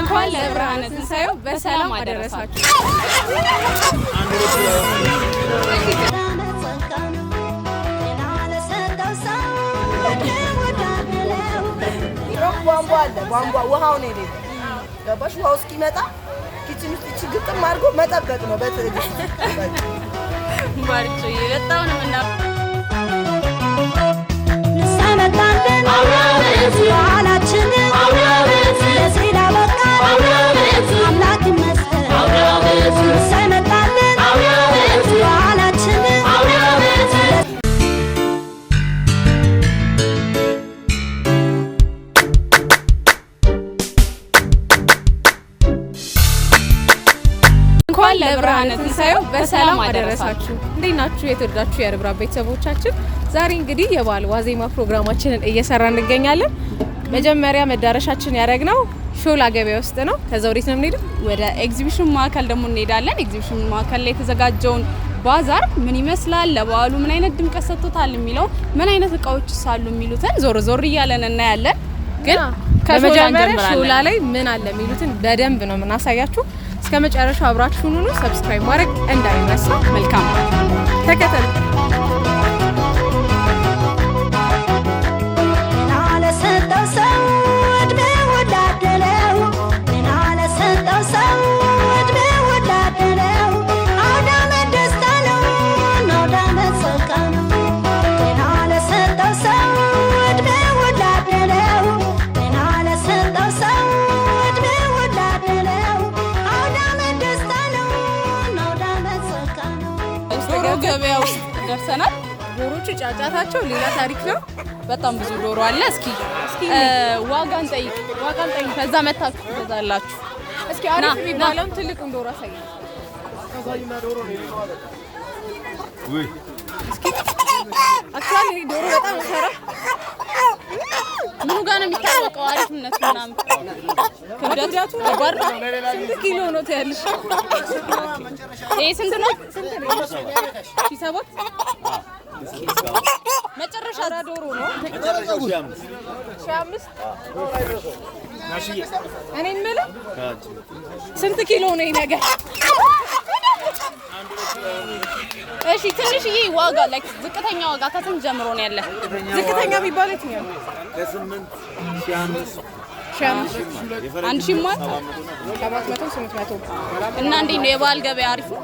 እንኳን ለብርሃነ ትንሣኤው በሰላም አደረሳችሁ። ቧንቧ አለ። ቧንቧ ውሃው ነው ገባሽ? ውሃው እስኪመጣ ኪችን ውስጥ እቺ ግጥም አድርጎ መጠበቅ ነው በትዕግስት ባርቾዬ በጣም ነው ምና ንሳ መጣለን እንኳን ለብርሃነ ትንሣኤው በሰላም አደረሳችሁ። እንዴት ናችሁ የተወደዳችሁ የርብራ ቤተሰቦቻችን? ዛሬ እንግዲህ የበዓል ዋዜማ ፕሮግራማችንን እየሰራ እንገኛለን። መጀመሪያ መዳረሻችን ያደረግነው ሾላ ገበያ ውስጥ ነው። ከዛ ወዴት ነው የምንሄደው? ወደ ኤግዚቢሽን ማዕከል ደግሞ እንሄዳለን። ኤግዚቢሽን ማዕከል ላይ የተዘጋጀውን ባዛር ምን ይመስላል፣ ለበዓሉ ምን አይነት ድምቀት ሰጥቶታል የሚለው ምን አይነት እቃዎች ሳሉ የሚሉትን ዞር ዞር እያለን እናያለን። ግን ከመጀመሪያ ሾላ ላይ ምን አለ የሚሉትን በደንብ ነው የምናሳያችሁ። እስከ መጨረሻው አብራችሁን ሁኑ። ሰብስክራይብ ማድረግ እንዳይነሳ። መልካም ተከተሉ። ጫጫታቸው ሌላ ታሪክ ነው። በጣም ብዙ ዶሮ አለ። እስኪ ዋጋን ጠይቅ፣ ዋጋን ጠይቅ። ከዛ መታችሁ ትገዛላችሁ። እስኪ አሪፍ የሚባለውን ትልቁን ዶሮ አሳይ። አክቹዋሊ ዶሮ በጣም ሰራ ምኑ ጋር ነው የሚታወቀው? አሪፍነት ምናምን ክብደቱ ከባድ ነው። ስንት ኪሎ ነው ትያለሽ? ይሄ ስንት ነው? ስንት ነው? ሺህ ሰባት መጨረሻ ዶሮ ነው። እኔ የምልህ ስንት ኪሎ ነው ይሄ ነገር? እሺ ትንሽዬ ዋጋ ላይክ ዝቅተኛ ዋጋ ከስንት ጀምሮ ነው ያለ? ዝቅተኛ የሚባል የትኛው? አንድ ሺህ ማለት ሰባት መቶ ስምንት መቶ እና እንዴት ነው የበዓል ገበያ አሪፍ ነው?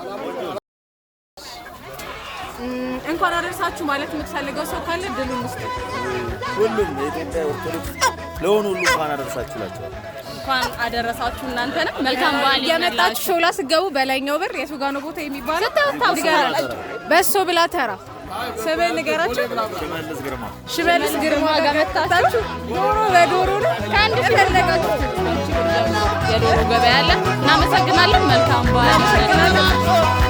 እንኳን አደረሳችሁ ማለት የምትፈልገው ሰው ካለ ድሉን ውስጥ ሁሉም የኢትዮጵያ ኦርቶዶክስ ለሆኑ ሁሉ እንኳን አደረሳችሁ እላቸዋለሁ። እንኳን አደረሳችሁ እናንተንም። መልካም በዓል የመጣችሁ ሾላ ስገቡ በላይኛው በር የሱጋኖ ቦታ የሚባለው በሶ ብላ ተራ ስብህ ንገራችሁ ሽመልስ ግርማ ጋር መታችሁ ዶሮ በዶሮ ነው ከአንድ ፈለጋችሁ የዶሮ ገበያ አለ። እናመሰግናለን። መልካም በዓል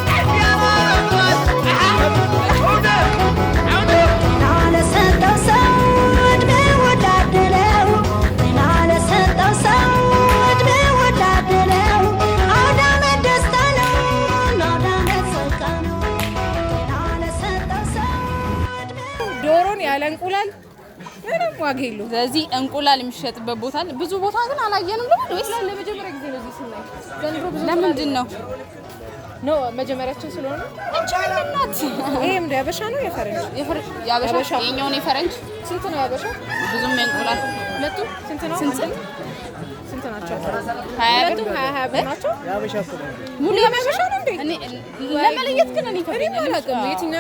ዋጋ ስለዚህ እንቁላል የሚሸጥበት ቦታ ብዙ ቦታ ግን አላየንም። ልብል ወይስ ለመጀመሪያ ጊዜ ነው ስናይ? ለምንድን ነው ነው መጀመሪያችን ስለሆነ እንጂ ይሄም ያበሻ ነው የፈረንጅ ያበሻ የኛውን የፈረንጅ ስንት ነው ያበሻ? ብዙም እንቁላል ሁለቱ ስንት ነው ስንት ናቸው? ሀያ ብር ናቸው። ሙሉ ያበሻ ነው እንዴ? ለመለየት ግን እኔ ሁለቱም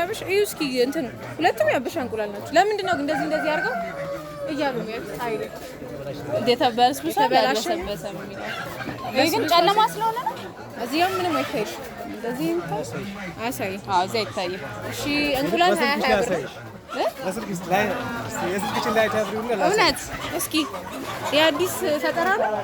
ያበሻ እንቁላል ናቸው። ለምንድን ነው እንደዚህ እንደዚህ አድርገው እያሉ ግን ጨለማ ስለሆነ ነው። ምንም አይታይም፣ እንደዚህ አያሳይም። እዚህ አይታይም። እሺ እንቁላል እውነት። እስኪ የአዲስ ፈጠራ ነው።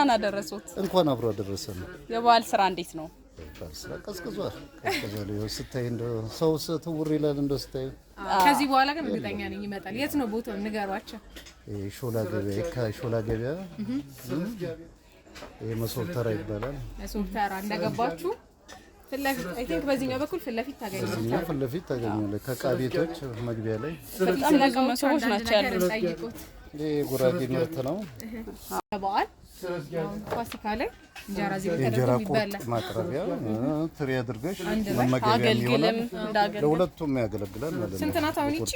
እንኳን አደረሱት። እንኳን አብሮ አደረሰ ነው። የበዓል ስራ እንዴት ነው? ስራ ቀዝቅዟል። ቀዝቅዟል። ስታይ እንደ ሰው ትውር ይላል እንደ ስታይ። ከዚህ በኋላ ግን እርግጠኛ ነኝ ይመጣል። የት ነው ቦታው? ንገሯቸው። ሾላ ገበያ፣ ከሾላ ገበያ መሶብ ተራ ይባላል። መሶብ ተራ እንደገባችሁ በዚህኛው በኩል ፊት ለፊት ታገኛለህ። ፊት ለፊት ታገኛለህ። ከዕቃ ቤቶች መግቢያ ላይ መሶቦች ናቸው ያሉት። ይህ ጉራጌ ምርት ነው በዓል ፋሲካ ላይ እንጀራ ቁርጥ ማቅረቢያ ትሪ አድርገሽ መመገቢያ የሚሆን ለሁለቱም ያገለግላል ማለት ነው። ስንት ናት አሁን ይቺ?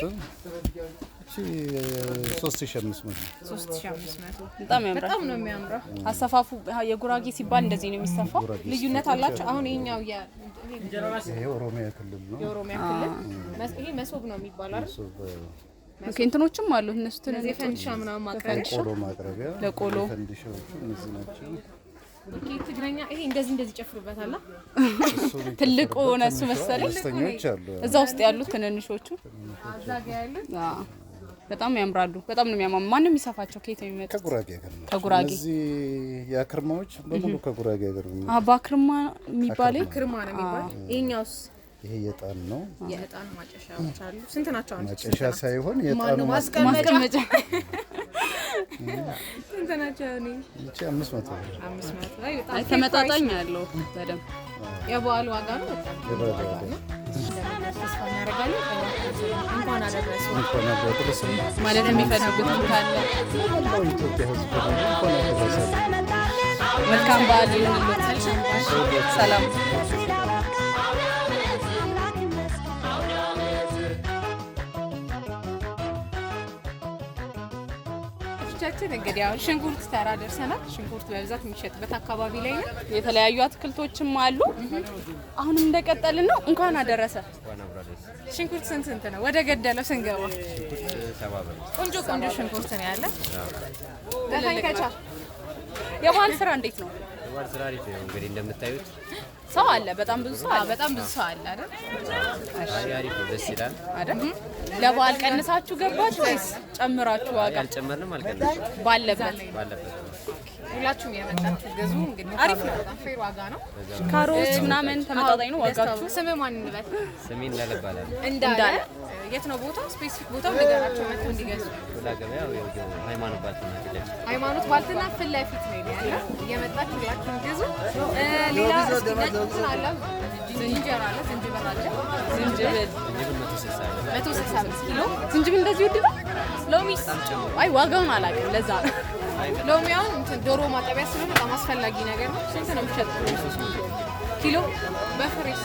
ሶስት ሺህ አምስት መቶ በጣም ነው የሚያምረው። አሰፋፉ የጉራጌ ሲባል እንደዚህ ነው የሚሰፋው። ልዩነት አላቸው። አሁን ይሄኛው የኦሮሚያ ክልል ነው። ይሄ መሶብ ነው የሚባለው አይደል? እንትኖችም አሉ እነሱ ፈንዲሻ ምናምን ማቅረቢያ ለቆሎ ማቅረቢያ ለቆሎ ፈንዲሻዎቹ እነዚህ ናቸው። ትግረኛ ይሄ እንደዚህ እንደዚህ ጨፍርበታል። ትልቁ እነሱ መሰለኝ እዛ ውስጥ ያሉት ትንንሾቹ በጣም ያምራሉ። በጣም ነው የሚያማ። ማንም ይሰፋቸው። ከየት ነው የሚመጡት? ከጉራጌ ሀገር ነው። ከጉራጌ እዚህ የአክርማዎች በሙሉ ከጉራጌ ሀገር ነው። አባ አክርማ የሚባል ክርማ ነው የሚባል ይሄኛውስ ይሄ የእጣን ነው። የእጣን ማጨሻዎች አሉ። ስንት ናቸው? ማጨሻ ሳይሆን የእጣን ማስቀመጫ ስንት ናቸው? እቺ አምስት መቶ ተመጣጣኝ አለው በደምብ የበዓል ዋጋ ነው። መልካም በዓል ይሁንልዎት። ሰላም አካባቢያችን እንግዲህ አሁን ሽንኩርት ተራ ደርሰናል። ሽንኩርት በብዛት የሚሸጥበት አካባቢ ላይ ነው። የተለያዩ አትክልቶችም አሉ። አሁንም እንደቀጠልን ነው። እንኳን አደረሰ። ሽንኩርት ስንት ስንት ነው? ወደ ገደለው ስንገባ ቆንጆ ቆንጆ ሽንኩርት ነው ያለ። የባል ስራ እንዴት ነው? የባህል ስራ አሪፍ ነው። እንግዲህ እንደምታዩት ሰው አለ። በጣም ብዙ ሰው አለ። በጣም ብዙ ሰው አለ አይደል? እሺ፣ አሪፍ ነው። ደስ ይላል አይደል? ለበዓል ቀንሳችሁ ገባችሁ ወይስ ጨምራችሁ? ዋጋ አልጨመርንም፣ አልቀነስንም። ባለበት ባለበት ሁላችሁም የመጣችሁ ገዙ። እንግዲህ አሪፍ ነው፣ በጣም ፌር ዋጋ ነው። ካሮት ምናምን ተመጣጣኝ ነው ዋጋችሁ። ስም ማን እንበል? ስሜ እንዳለ ይባላል። እንዳለ የት ነው ቦታው? ስፔሲፊክ ቦታው ነገራቸው መጥተው እንዲገዙ። ሃይማኖት ባልትና ፊት ለፊት ነው ያለው። የመጣችሁ ሁላችሁም ገዙ። ሌላ አለ ዝንጀራ አለ ዝንጅብል አለ ዝንጅብል መቶ ስልሳ ብር ኪሎ ዝንጅብል እንደዚህ ውድ ነው። ሎሚ አይ ዋጋውን አላውቅም። ለዛ ሎሚ አሁን ዶሮ ማጠቢያ ስለሆነ በጣም አስፈላጊ ነገር ነው። ስንት ነው የሚሸጥ ኪሎ በፍሬስ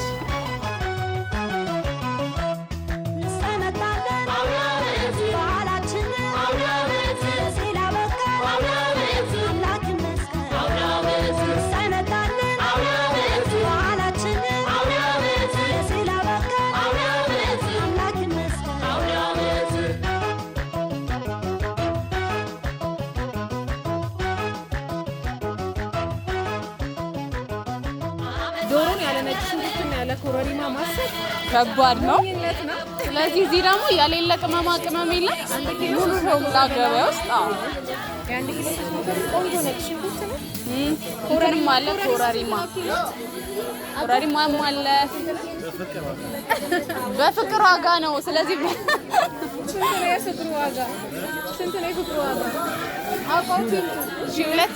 ከባድ ነው። ስለዚህ እዚህ ደግሞ የሌለ ቅመማ ቅመም የለም። ሙሉ ሾሙላ ላገበ ውስጥ አለ ኮረሪማ ኮረሪማም አለ። በፍቅር ዋጋ ነው። ስለዚህ ስንት ነው የፍቅር ሁለት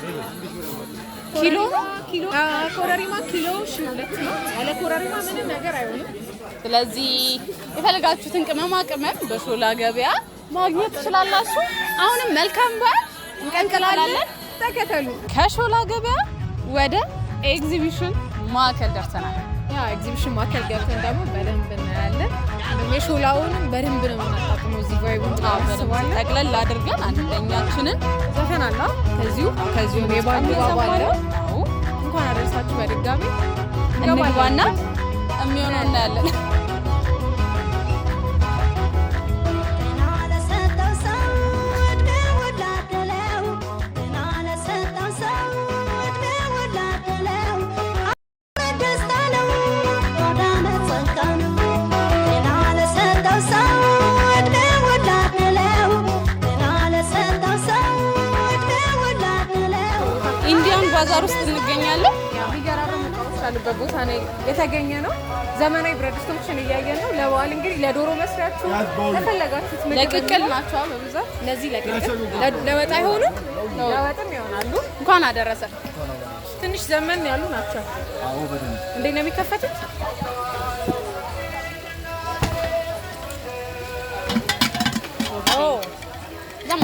ኪሎ ነው ኪሎ ኮረሪማ ኪሎ ሺ ሁለት ነው። ያለ ኮረሪማ ምንም ነገር አይሆንም። ስለዚህ የፈለጋችሁትን ቅመማ ቅመም በሾላ ገበያ ማግኘት ትችላላችሁ። አሁንም መልካም በዓል እንቀንቅላለን። ተከተሉ። ከሾላ ገበያ ወደ ኤግዚቢሽን ማዕከል ደርሰናል። ኤግዚቢሽን ማዕከል ገብተን ደግሞ በደንብ እናያለን። የሾላውንም በደንብ ነው የምናጣጥመው። እዚህ ጋር ይቡን ጠቅለል አድርገን አንደኛችንን ዘፈን ከዚሁ ከዚሁ የባሉ ባባለው እንኳን አደረሳችሁ። በድጋሚ ገባና የሚሆነው እናያለን። ባዛር ውስጥ እንገኛለን። የሚገራርም እቃዎች አሉበት ቦታ ነው የተገኘ ነው። ዘመናዊ ብረት ድስቶችን እያየን ነው። ለበዓል እንግዲህ ለዶሮ መስሪያችሁ ለፈለጋችሁት ለቅቅል ናቸው በብዛት እነዚህ ለቅቅል ለወጥ አይሆኑ ለወጥም ይሆናሉ። እንኳን አደረሰ። ትንሽ ዘመን ያሉ ናቸው። እንዴት ነው የሚከፈቱት?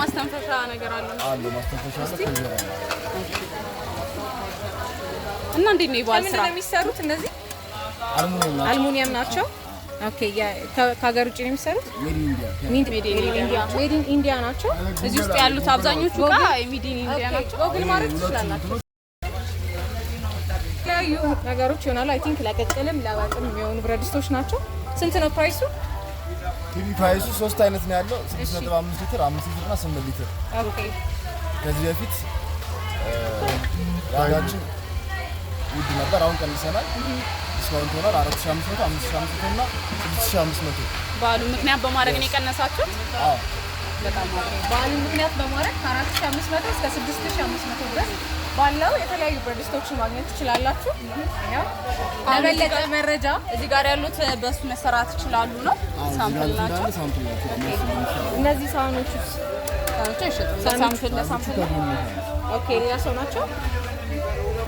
ማስተንፈሻ ነገር አለ እና እንዴት ነው የበዓል ስራ የሚሰሩት? እነዚህ አልሙኒየም ናቸው። ኦኬ ከሀገር ውጭ ነው የሚሰሩት? ሜድ ኢን ኢንዲያ ናቸው። እዚህ ውስጥ ያሉት አብዛኞቹ ሜድ ኢን ኢንዲያ ናቸው። ጎግል ማድረግ ትችላላችሁ። የተለያዩ ነገሮች ይሆናሉ። አይ ቲንክ ለቅቅልም ለወጥም የሚሆኑ ብረት ድስቶች ናቸው። ስንት ነው ፕራይሱ? ቲቪ ፕራይሱ ሶስት አይነት ነው ያለው፣ 6.5 ሊትር፣ 5 ሊትር እና 8 ሊትር። ኦኬ ከዚህ በፊት ዋጋችን ውድ ነበር። አሁን ቀንሰናል። ዲስካውንት ሆናል። አራት ሺህ አምስት መቶ አምስት ሺህ አምስት መቶ እና ስድስት ሺህ አምስት መቶ በዓሉ ምክንያት በማድረግ ነው የቀነሳችሁት? አዎ በዓሉ ምክንያት በማድረግ ከአራት ሺህ አምስት መቶ እስከ ስድስት አምስት መቶ ድረስ ባለው የተለያዩ ብረድስቶችን ማግኘት ትችላላችሁ። ለበለጠ መረጃ እዚህ ጋር ያሉት መሰራት ይችላሉ ነው ሳምፕል ናቸው። እነዚህ ሳህኖች ሳህኖች ሳምፕል ለሳምፕል ኦኬ፣ ሌላ ሰው ናቸው።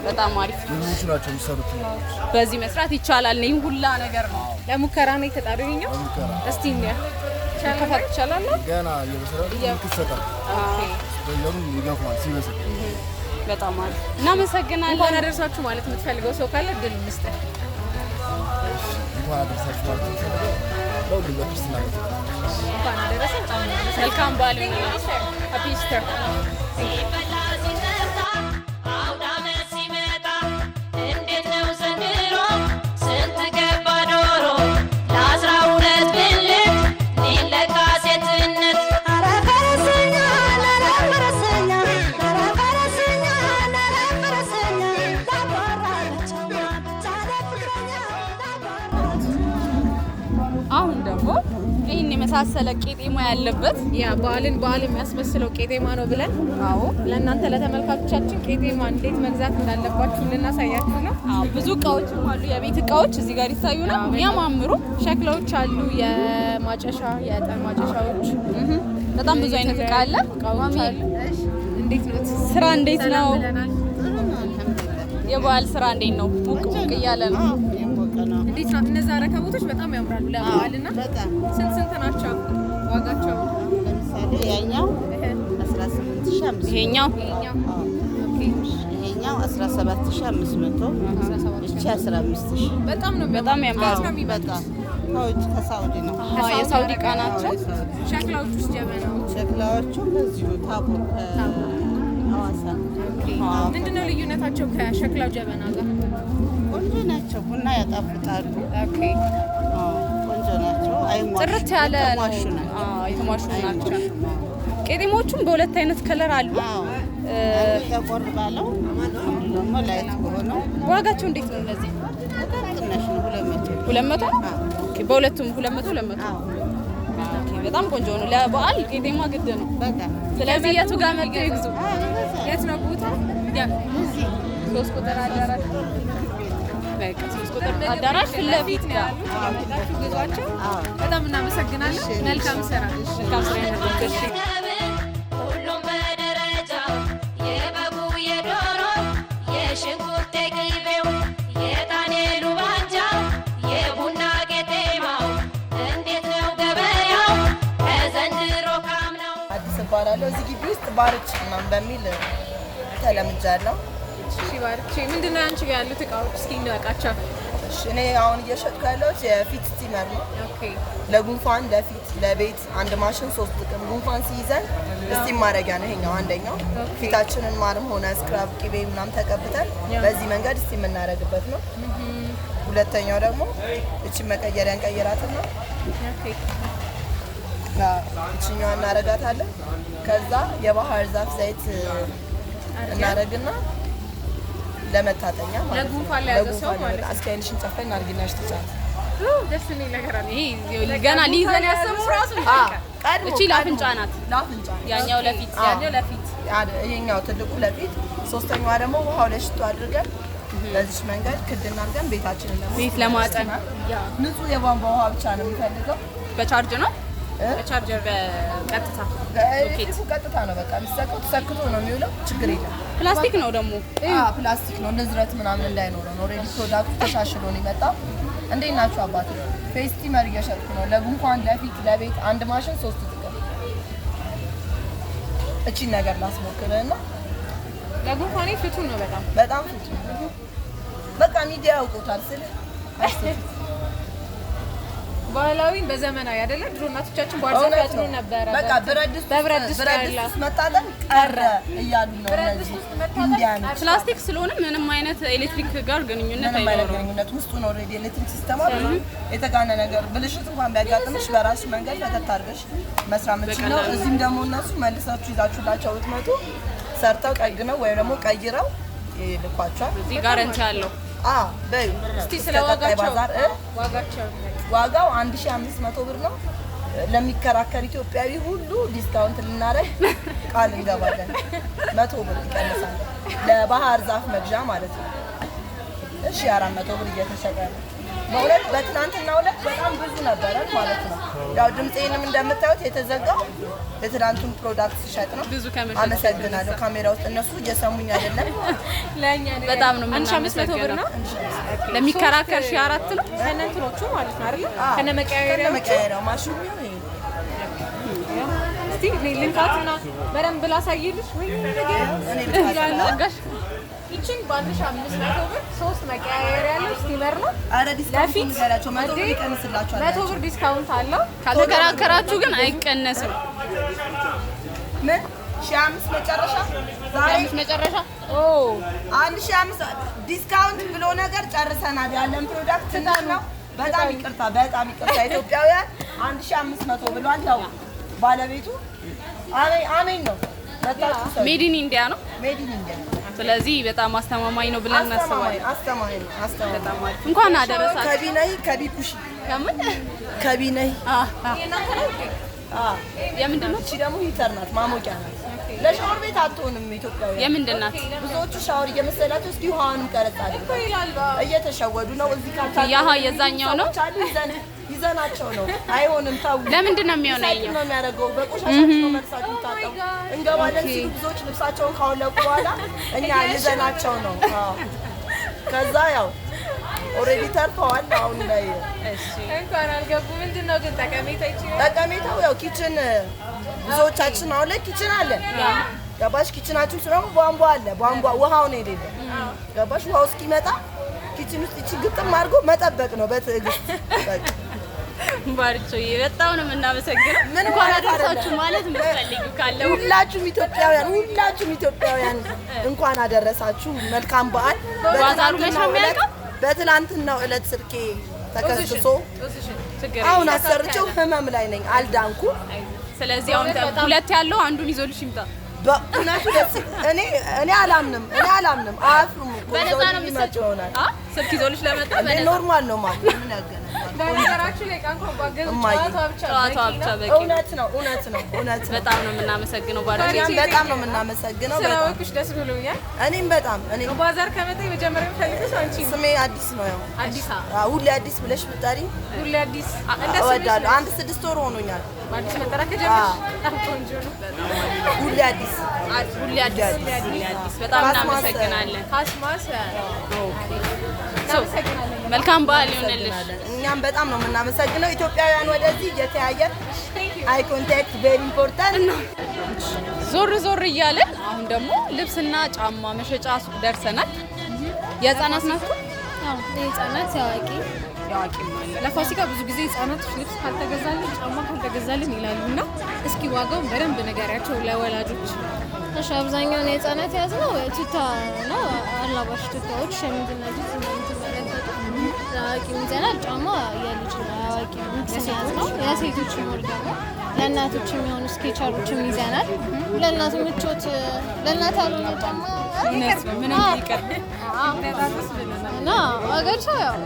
በጣም አሪፍ ናቸው። በዚህ መስራት ይቻላል። ይህ ሁላ ነገር ነው። ለሙከራ ነው የተጣደው ይኛው። እስቲ እንዲያ ይቻላል። ገና በጣም አሪፍ እናመሰግናለን። እንኳን አደረሳችሁ ማለት የምትፈልገው ሰው ካለ ድል ምስጠን መልካም በዓል አሁን ደግሞ ይህን የመሳሰለ ቄጤማ ያለበት ያ በዓልን በዓል የሚያስመስለው ቄጤማ ነው ብለን አዎ፣ ለእናንተ ለተመልካቾቻችን ቄጤማ እንዴት መግዛት እንዳለባችሁ ልናሳያችሁ ነው። አዎ፣ ብዙ እቃዎችም አሉ፣ የቤት እቃዎች እዚህ ጋር ይታዩ ነው። የሚያማምሩ ሸክላዎች አሉ፣ የማጨሻ የዕጣን ማጨሻዎች፣ በጣም ብዙ አይነት እቃ አለ። እንዴት ነው ስራ? እንዴት ነው የበዓል ስራ? እንዴት ነው? ሞቅ ሞቅ እያለ ነው ረከቦቶች በጣም ያምራሉ። በጣም ስንት ስንት ናቸው ዋጋቸው? ለምሳሌ ያኛው ይሄኛው ይሄኛው ይሄኛው 17500 እቺ 15000 በጣም ነው በጣም ያምራሉ። በጣም ከሳውዲ ነው አዎ የሳውዲ እቃ ናቸው። ሸክላዎቹ ጀበናዎች ሸክላዎቹ በዚሁ ታቦ ሐዋሳ ኦኬ ምንድነው ልዩነታቸው ከሸክላው ጀበና ጋር? ናቸው። ቡና ያጣፍጣሉ። ቆንጆ ናቸው። ጥርት ያለ የተሟሹ ናቸው። ቄጤማዎቹም በሁለት አይነት ከለር አሉ። ጠቆር ባለው ደግሞ ላይት በሆነው። ዋጋቸው እንዴት ነው? እነዚህ ትናሽ ሁለት መቶ በሁለቱም ሁለት መቶ ሁለት መቶ በጣም ቆንጆ ነው። ለበዓል ቄጤማ ግድ ነው። ስለዚህ የቱ ጋር መጥተው ይግዙ። የት ነው ቦታ? ሶስት ቁጥር አዳራሽ በቃ ሶስት ቁጥር አዳራሽ ፊት ለፊት ነው ያሉት። ግዟቸው። በጣም እናመሰግናለን። መልካም ስራ። መልካም ስራ መልካም ሁሉም በደረጃው የበጉ የዶሮ የሽንኩርት የቅቤው የጣኔሉ ባንጃ የቡና ቄጤማው እንዴት ነው ገበያው ከዘንድሮ ካምናው? አዲስ እዚህ ግቢ ውስጥ ባርች ምናምን በሚል ተለምጃለሁ። ባርቼ ምንድን ነው አንቺ ያሉት እቃዎች እስኪ እንወቃቸው። እኔ አሁን እየሸጥኩ ያለሁት የፊት ስቲመር ነው። ለጉንፋን፣ ለፊት፣ ለቤት አንድ ማሽን ሶስት ጥቅም ጉንፋን ሲይዘን ስቲም ማድረጊያ ነው ይሄኛው። አንደኛው ፊታችንን ማርም ሆነ ስክራብ፣ ቅቤ ምናምን ተቀብተን በዚህ መንገድ ስቲም የምናደርግበት ነው። ሁለተኛው ደግሞ እችን መቀየሪያ እንቀይራትን ነው። እችኛዋ እናረጋታለን። ከዛ የባህር ዛፍ ዘይት እናረግና ለመታጠኛ ማለት ነው። ጸፈን ትልቁ ለፊት፣ ሶስተኛዋ ደግሞ ውሃው ለሽቶ አድርገን በዚህ መንገድ ክድና አድርገን ቤታችንን ቤት ለማጠን ንጹህ የቧንቧ ውሃ ብቻ ነው የሚፈልገው። በቻርጅ ነው በቻርጀር በቀጥታ ቀጥታ ነው በቃ የሚሰቀው ተሰክቶ ነው የሚውለው። ችግር የለም ፕላስቲክ ነው ደግሞ ፕላስቲክ ነው። ንዝረት ምናምን እንዳይኖረው ነው። ኦልሬዲ ፕሮዳክቱ ተሻሽሎ ነው የመጣው። እንዴት ናችሁ አባቴ? ፌስቲመር እየሸጥኩ ነው። ለጉንፋን፣ ለፊት፣ ለቤት አንድ ማሽን ሶስት ጥቅም። እቺን ነገር ላስሞክርህ እና ለጉንፋኔ ፍቱን ነው በጣም በጣም ፍቱን። በቃ ሚዲያ ያውቁታል ስል ባህላዊ በዘመናዊ አይደለ? ድሮ እናቶቻችን ባርዘን ያጥኑ ነበረ። በቃ ብረድስ ድስት ብረድስ ድስት ቀረ እያሉ ነው። ፕላስቲክ ስለሆነ ምንም አይነት ኤሌክትሪክ ጋር ግንኙነት አይኖርም። ምንም አይነት ግንኙነት ውስጡ ነው። ኦልሬዲ ኤሌክትሪክ ሲስተማ የተጋነ ነገር ብልሽት እንኳን ቢያጋጥምሽ በራስሽ መንገድ በተት አድርገሽ መስራት የምችል ነው። እዚህም ደግሞ እነሱ መልሳችሁ ይዛችሁላቸው ብትመጡ ሰርተው ቀግነው ወይም ደግሞ ቀይረው ይልኳቸዋል። እዚህ ጋር እንቻለሁ። አዎ በይ እስቲ ስለዋጋቸው ዋጋቸው ዋጋው 1500 ብር ነው። ለሚከራከር ኢትዮጵያዊ ሁሉ ዲስካውንት ልናረግ ቃል እንገባለን። መቶ ብር ይቀንሳል። ለባህር ዛፍ መግዣ ማለት ነው። እሺ፣ 400 ብር እየተሸጠ ነው። በሁለት በትናንትናው ሁለት በጣም ብዙ ነበረን ማለት ነው። ያው ድምፄንም እንደምታዩት የተዘጋው የትናንቱን ፕሮዳክት ሲሸጥ ነው። አመሰግናለሁ። ካሜራ ውስጥ እነሱ እየሰሙኝ አይደለም። በጣም ነው። አንድ ሺህ አምስት መቶ ብር ነው ለሚከራከር ሺህ አራት ነው ከነ እንትኖቹ ማለት ነው አይደለ? ከነ መቀያየሪያው ማሽኑ ልንካትና በደንብ ላሳይልሽ ወይ ነገር ኪችን በአንድ ሺህ አምስት መቶ ብር ሶስት መቀያየር ያለው ስቲመር ነው። ኧረ ዲስካውንት ያላቸው መቶ ብር ይቀንስላችኋል። መቶ ብር ዲስካውንት አለው። ካልተከራከራችሁ ግን አይቀነስም። ምን ሺህ አምስት መጨረሻ ዛሬ መጨረሻ አንድ ሺህ አምስት ዲስካውንት ብሎ ነገር ጨርሰናል። ያለን ፕሮዳክት ነው። በጣም ይቅርታ፣ በጣም ይቅርታ ኢትዮጵያውያን አንድ ሺህ አምስት መቶ ብሏል። ያው ባለቤቱ አሜን ነው። ሜድ ኢን ኢንዲያ ነው። ሜድ ኢን ኢንዲያ ስለዚህ በጣም አስተማማኝ ነው ብለን እናስባለን። አስተማማኝ ነው። አስተማማኝ እንኳን አደረሳችሁ። ከቢነይ ከቢኩሽ ከምን ከቢነይ የምንድን ነው? እቺ ደግሞ ሂተር ናት፣ ማሞቂያ ናት። ለሻወር ቤት አትሆንም። ኢትዮጵያዊ የምንድን ናት? ብዙዎቹ ሻወር እየመሰላቸው እስኪ ውሃዋንም ቀረጻ እየተሸወዱ ነው። እዚህ ካታ ያሃ የዛኛው ነው ይዘናቸው ነው። አይሆንም። ታው ለምንድን ነው የሚሆነው? ነው የሚያደርገው በቆሻሻቸው ነው መልሳት የምታጠው። እንገባለን ሲሉ ብዙዎች ልብሳቸውን ካወለቁ በኋላ እኛ ይዘናቸው ነው። ከዛ ያው ኦልሬዲ ተርፈዋል። አሁን ላይ እንኳን አልገቡ። ምንድን ነው ግን ጠቀሜታው? ያው ኪችን ብዙዎቻችን አሁን ላይ ኪችን አለ ገባሽ? ኪችናችን ስለሆነ ቧንቧ አለ። ቧንቧ ውሃው ነው የሌለ ገባሽ? ውሃው እስኪመጣ ኪችን ውስጥ ይቺ ግጥም አድርጎ መጠበቅ ነው በትዕግስት ባርቾዬ በጣም ነው የምናመሰግነው። ምን አደረሳችሁ ማለት ካለ ሁላችሁም ኢትዮጵያውያን ሁላችሁም ኢትዮጵያውያን እንኳን አደረሳችሁ። መልካም በዓል። በትናንትናው ስልኬ አሁን አሰርቼው ህመም ላይ ነኝ፣ ስለዚህ አሁን ሁለት ያለው አንዱን ይዞልሽ ይምጣ። በእውነቱ እኔ እኔ አላምንም እኔ አላምንም። አያፍሩም እኮ ስልክ ይዞልሽ ለመጣ ኖርማል ነው ማለት ምን እውነት ነው በጣም ነው የምናመሰግነው። በጣም ነው የምናመሰግነው። ስራዎችሽ ደስ ብሎኛል። እኔም በጣም እኔም ባዛር ከመጣሁ መጀመሪያ የምፈልገው አንቺ ስሜ አዲስ ነው። ያው አዲስ ሁሌ አዲስ ብለሽ ብጠሪ ሁሌ አዲስ እወዳለሁ። አንድ ስድስት ወር ሆኖኛል። አዲስ መጠሪያ ከጀመርሽ ቆንጆ ነው። ሁሌ አዲስ ሁሌ አዲስ በጣም እናመሰግናለን። ካስማስ እናመሰግናለን። መልካም በዓል ይሁንልሽ። እኛም በጣም ነው የምናመሰግነው። ኢትዮጵያውያን ወደዚህ የተያየ አይ ኮንታክት ቬሪ ኢምፖርታንት። ዞር ዞር እያለን አሁን ደግሞ ልብስና ጫማ መሸጫ ሱቅ ደርሰናል። የህፃናት ናቸው የህፃናት ያዋቂ ለፋሲካ ብዙ ጊዜ ህጻናት ልብስ ካልተገዛልን ጫማ ካልተገዛልን ይላሉና እስኪ ዋጋውን በደንብ ንገሪያቸው ለወላጆች እሺ፣ አብዛኛውን የህፃናት ያዝ ነው ቱታ ነው አላባሽ ቱታዎች፣ ሸሚዝ እና ጂንስ እንደምትመለከቱ ለአዋቂ ጫማ የልጅ አዋቂ ያዝ ነው። የሴቶች ይኖር ደግሞ ለእናቶች የሚሆኑ ስኬቸሮችም ይዘናል። ለእናቱ ምቾት ለእናት ያልሆነ ጫማ እና ዋጋቸው ያው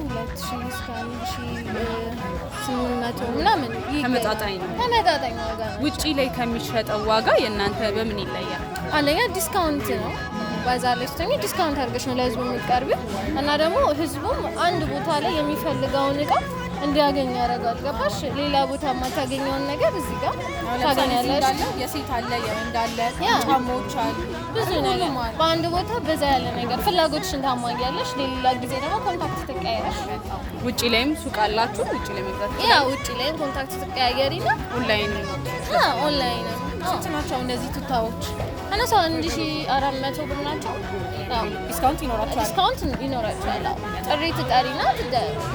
ሁለት ሺህ እስከ አንድ ስምንት መቶ ምናምን ተመጣጣኝ ነው። ተመጣጣኝ ዋጋ ነው። ውጪ ላይ ከሚሸጠው ዋጋ የእናንተ በምን ይለያል? አንደኛ ዲስካውንት ነው። ባዛር ላይ ስትሆኚ ዲስካውንት አድርገሽ ነው ለህዝቡ እና ደግሞ ህዝቡም አንድ ቦታ ላይ የሚፈልገውን እቃ እንዲያገኝ ያደርጋል። ገባሽ? ሌላ ቦታ የማታገኘውን ነገር እዚህ ጋር ታገኛለሽ። የሴት አለ የወንድ አለ፣ ጫማዎች አሉ፣ ብዙ ነገር በአንድ ቦታ በዛ ያለ ነገር ፍላጎትሽን ታሟያለሽ። ሌላ ጊዜ ደግሞ ኮንታክት ትቀያየሽ። ውጭ ላይም ሱቅ አላችሁ፣ ውጭ ላይ መግዛት ያ ውጭ ላይም ኮንታክት ትቀያየሪ ነው። ኦንላይን ኦንላይን ነው። ስንት ናቸው እነዚህ ቱታዎች? አነሳ አንድ ሺህ አራት መቶ ብር ናቸው። ዲስካውንት ይኖራቸዋል። ዲስካውንት ይኖራቸዋል። ጥሪ ትጠሪና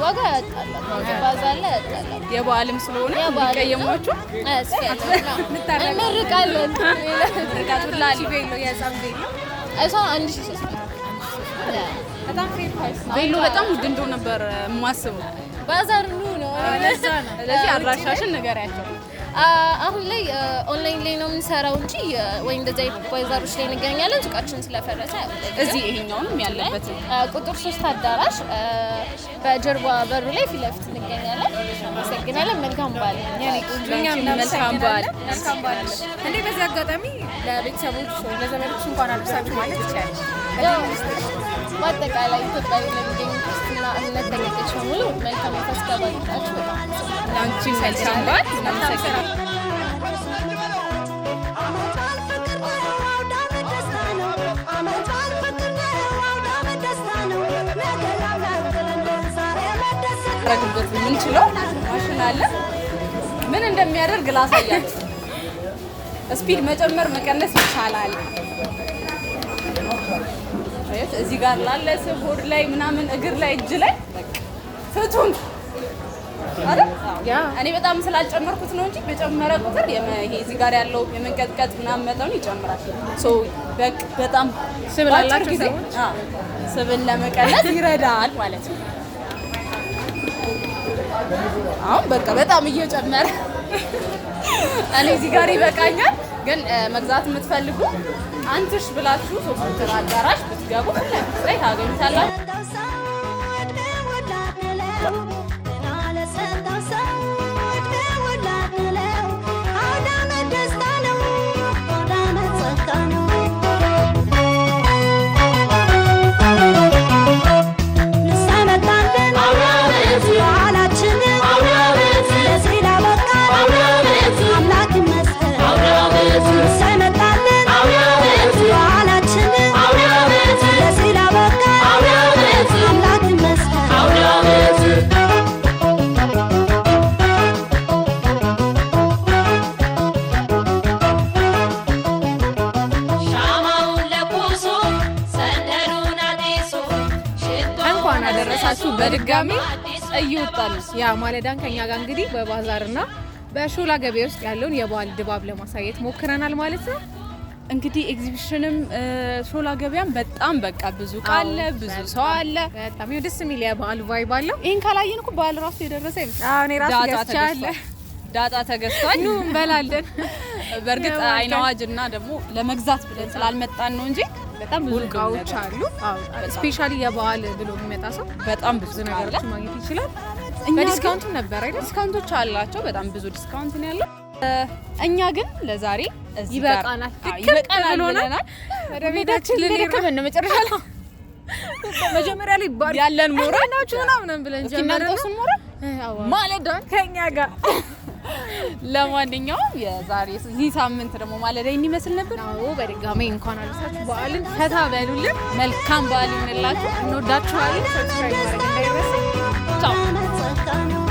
ዋጋ ያጣለ ባዛር ያጣለ የበዓልም ስለሆነ የሚቀየሟቸው እንርቃለን። እሷ አንድ ሺህ ቤሎ በጣም ውድ እንደው ነበር የማስበው። ባዛር ነው። ለዚህ አድራሻሽን ያቸው አሁን ላይ ኦንላይን ላይ ነው የምንሰራው እንጂ ወይ እንደዛ ባይዛሮች ላይ እንገኛለን። ሱቃችን ስለፈረሰ እዚህ ይሄኛውንም ያለበት ቁጥር ሶስት አዳራሽ በጀርባ በሩ ላይ ፊት ለፊት እንገኛለን። አመሰግናለን። መልካም በዓል። መልካም በዓል። እንዴ በዚህ አጋጣሚ ለቤተሰቦች ለዘመዶች እንኳን አደረሳችሁ ማለት ይቻላል። በአጠቃላይ ኢትዮጵያ ለሚገኙ ክርስትና እምነት ተከታዮች በሙሉ መልካም ተስገባታችሁ በጣም ለአንቺ መልካም በዓል እናመሰግናለን። ረግበት የምንችለው ማሽን አለ። ምን እንደሚያደርግ ላሳያችሁ። ስፒድ መጨመር መቀነስ ይቻላል። ማለት እዚህ ጋር ላለ ሆድ ላይ ምናምን እግር ላይ እጅ ላይ ፍቱን እኔ በጣም ስላልጨመርኩት ነው እንጂ በጨመረ ቁጥር እዚህ ጋር ያለው የመንቀጥቀጥ ምናምን መጠኑ ይጨምራል። በጣም ስብላላችሁ ጊዜ ስብን ለመቀነስ ይረዳል ማለት ነው። አሁን በቃ በጣም እየጨመረ እኔ እዚህ ጋር ይበቃኛል። ግን መግዛት የምትፈልጉ አንትሽ ብላችሁ ሶስት ቁጥር አዳራሽ ብትገቡ ሁለት ላይ ታገኙታላችሁ። እንገባለን። ያ ማለዳን ከኛ ጋር እንግዲህ በባዛርና በሾላ ገበያ ውስጥ ያለውን የበዓል ድባብ ለማሳየት ሞክረናል ማለት ነው። እንግዲህ ኤግዚቢሽንም ሾላ ገበያም በጣም በቃ ብዙ ቃለ ብዙ ሰው አለ። በጣም ደስ የሚል የበዓል ቫይብ አለው። ይህን ካላየን እኮ በዓል ራሱ የደረሰ ይመስላል። ዳጣ ተገዝቷል ኑ እንበላለን። በእርግጥ አይናዋጅ እና ደግሞ ለመግዛት ብለን ስላልመጣን ነው እንጂ በጣም ብዙ እቃዎች አሉ። ስፔሻሊ የበዓል ብሎ የሚመጣ ሰው በጣም ብዙ ነገሮች ማግኘት ይችላል። በዲስካውንቱ ነበር አይደል? ዲስካውንቶች አላቸው። በጣም ብዙ ዲስካውንት ነው ያለው። እኛ ግን ለዛሬ ይበቃናል ይበቃናል ሆነናል። ወደ ቤታችን ልንሄድ ነው። መጨረሻ ላይ መጀመሪያ ላይ ባል ያለን ሞራ ናችሁ ምናምን ብለን ጀመረ ማለዳ ከኛ ጋር ለማንኛውም የዛሬ ይህ ሳምንት ደግሞ ማለዳ የሚመስል ነበር። አዎ በድጋሚ እንኳን አልሳችሁ በዓልን ፈታ በሉልን። መልካም በዓል ይሆንላችሁ። እንወዳችኋለን። ሰብስክራይብ ማድረግ እንዳይረሳ። 妈妈。